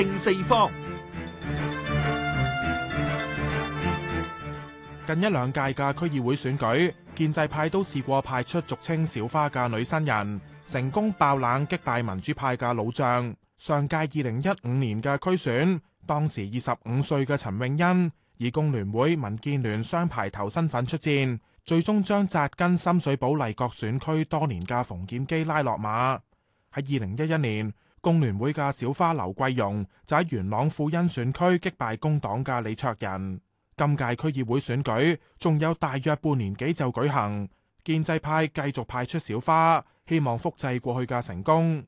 正四方，近一兩屆嘅區議會選舉，建制派都試過派出俗稱小花嘅女新人，成功爆冷擊敗民主派嘅老將。上屆二零一五年嘅區選，當時二十五歲嘅陳穎欣以工聯會、民建聯雙排頭身份出戰，最終將紮根深水埗麗閣選區多年嘅馮檢基拉落馬。喺二零一一年。工聯會嘅小花劉桂蓉就喺元朗富恩選區擊敗工黨嘅李卓人。今屆區議會選舉仲有大約半年幾就舉行，建制派繼續派出小花，希望複製過去嘅成功。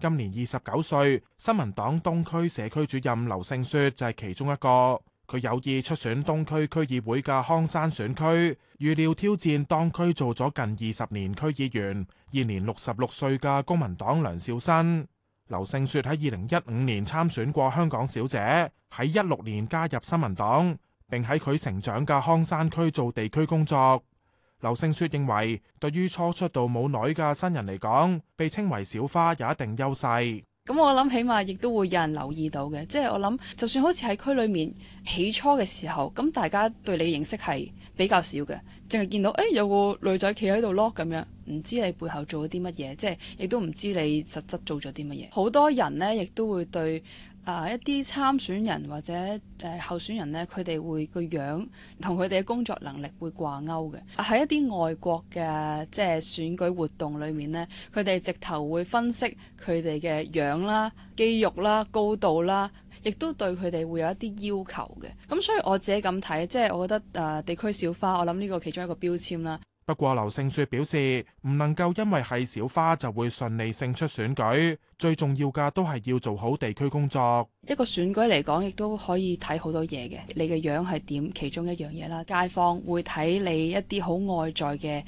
今年二十九歲，新民黨東區社區主任劉聖雪就係其中一個。佢有意出選東區區議會嘅康山選區，預料挑戰當區做咗近二十年區議員，現年六十六歲嘅公民黨梁兆新。劉聖雪喺二零一五年參選過香港小姐，喺一六年加入新民黨，並喺佢成長嘅康山區做地區工作。劉聖雪認為，對於初出道冇耐嘅新人嚟講，被稱為小花有一定優勢。咁我諗起碼亦都會有人留意到嘅，即係我諗，就算好似喺區裏面起初嘅時候，咁大家對你嘅認識係比較少嘅，淨係見到，誒、欸，有個女仔企喺度囉咁樣，唔知你背後做咗啲乜嘢，即係亦都唔知你實質做咗啲乜嘢，好多人呢，亦都會對。啊！一啲參選人或者誒、呃、候選人呢，佢哋會個樣同佢哋嘅工作能力會掛鈎嘅。喺一啲外國嘅即係選舉活動裏面呢，佢哋直頭會分析佢哋嘅樣啦、肌肉啦、高度啦，亦都對佢哋會有一啲要求嘅。咁所以我自己咁睇，即係我覺得誒、呃、地區小花，我諗呢個其中一個標籤啦。不過劉聖雪表示唔能夠因為係小花就會順利勝出選舉，最重要嘅都係要做好地區工作。一個選舉嚟講，亦都可以睇好多嘢嘅，你嘅樣係點，其中一樣嘢啦。街坊會睇你一啲好外在嘅，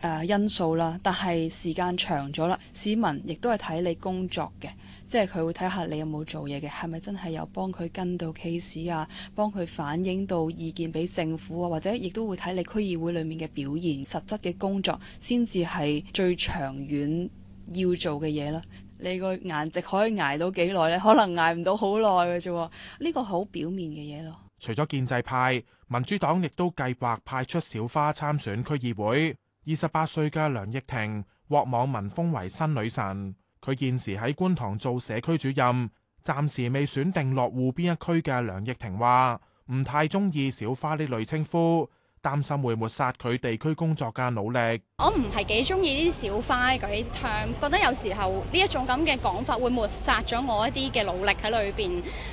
誒、啊、因素啦，但係時間長咗啦，市民亦都係睇你工作嘅，即係佢會睇下你有冇做嘢嘅，係咪真係有幫佢跟到 case 啊？幫佢反映到意見俾政府啊，或者亦都會睇你區議會裏面嘅表現實質嘅工作，先至係最長遠要做嘅嘢咯，你個顏值可以捱到幾耐咧？可能捱唔到好耐嘅啫。呢、這個好表面嘅嘢咯。除咗建制派，民主黨亦都計劃派出小花參選區議會。二十八歲嘅梁翊婷獲網民封為新女神。佢現時喺觀塘做社區主任，暫時未選定落戶邊一區嘅梁翊婷話：唔太鍾意小花呢類稱呼，擔心會抹殺佢地區工作嘅努力。我唔係幾中意呢啲小花嗰啲 terms，覺得有時候呢一種咁嘅講法會抹殺咗我一啲嘅努力喺裏邊。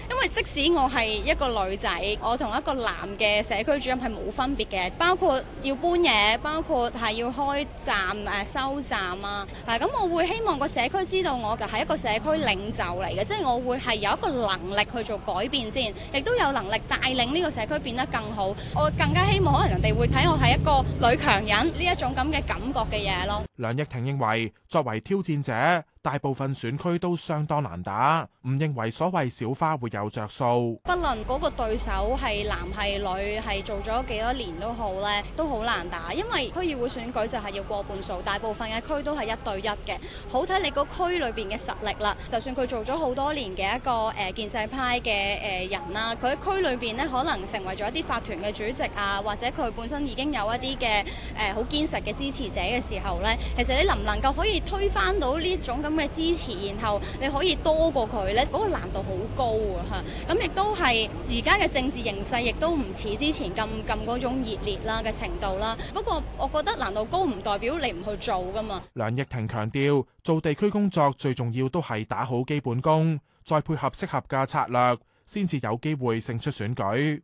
因為即使我係一個女仔，我同一個男嘅社區主任係冇分別嘅。包括要搬嘢，包括係要開站誒收站啊。係、啊、咁、嗯，我會希望個社區知道我係一個社區領袖嚟嘅，即係我會係有一個能力去做改變先，亦都有能力帶領呢個社區變得更好。我更加希望可能。人哋會睇我係一個女強人呢一種咁嘅感覺嘅嘢咯。梁翊婷認為，作為挑戰者，大部分選區都相當難打，唔認為所謂小花會有着數。不論嗰個對手係男係女，係做咗幾多年都好咧，都好難打，因為區議會選舉就係要過半數，大部分嘅區都係一對一嘅，好睇你個區裏邊嘅實力啦。就算佢做咗好多年嘅一個誒建制派嘅誒人啦，佢喺區裏邊咧可能成為咗一啲法團嘅主席啊，或者佢本身已經有一啲嘅誒好堅實嘅支持者嘅時候咧。其實你能唔能夠可以推翻到呢種咁嘅支持，然後你可以多過佢呢？嗰個難度好高啊！嚇咁亦都係而家嘅政治形勢，亦都唔似之前咁咁嗰種熱烈啦嘅程度啦。不過，我覺得難度高唔代表你唔去做㗎嘛。梁翊婷強調，做地區工作最重要都係打好基本功，再配合適合嘅策略，先至有機會勝出選舉。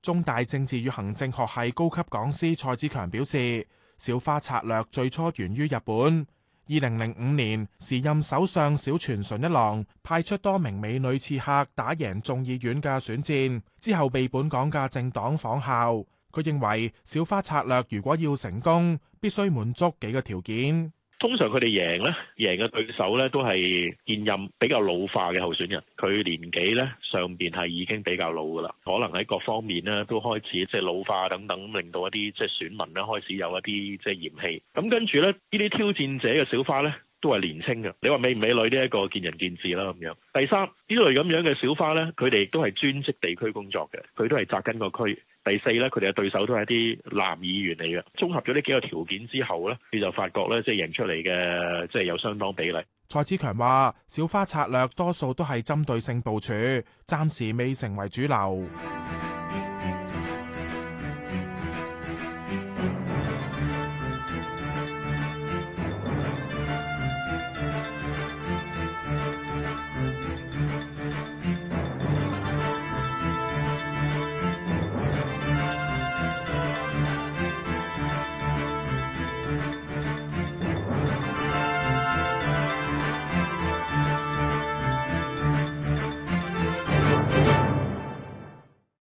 中大政治與行政學系高級講師蔡志強表示。小花策略最初源於日本。二零零五年，時任首相小泉純一郎派出多名美女刺客打贏眾議院嘅選戰，之後被本港嘅政黨仿效。佢認為，小花策略如果要成功，必須滿足幾個條件。通常佢哋贏咧，贏嘅對手咧都係現任比較老化嘅候選人，佢年紀咧上面係已經比較老㗎喇，可能喺各方面咧都開始即係老化等等，令到一啲即係選民咧開始有一啲即係嫌棄。咁跟住咧，呢啲挑戰者嘅小花咧。都係年青嘅，你話美唔美女呢一個見仁見智啦咁樣。第三，呢類咁樣嘅小花呢，佢哋都係專職地區工作嘅，佢都係扎根個區。第四呢，佢哋嘅對手都係啲男議員嚟嘅。綜合咗呢幾個條件之後呢，你就發覺呢，即係贏出嚟嘅，即係有相當比例。蔡志強話：小花策略多數都係針對性部署，暫時未成為主流。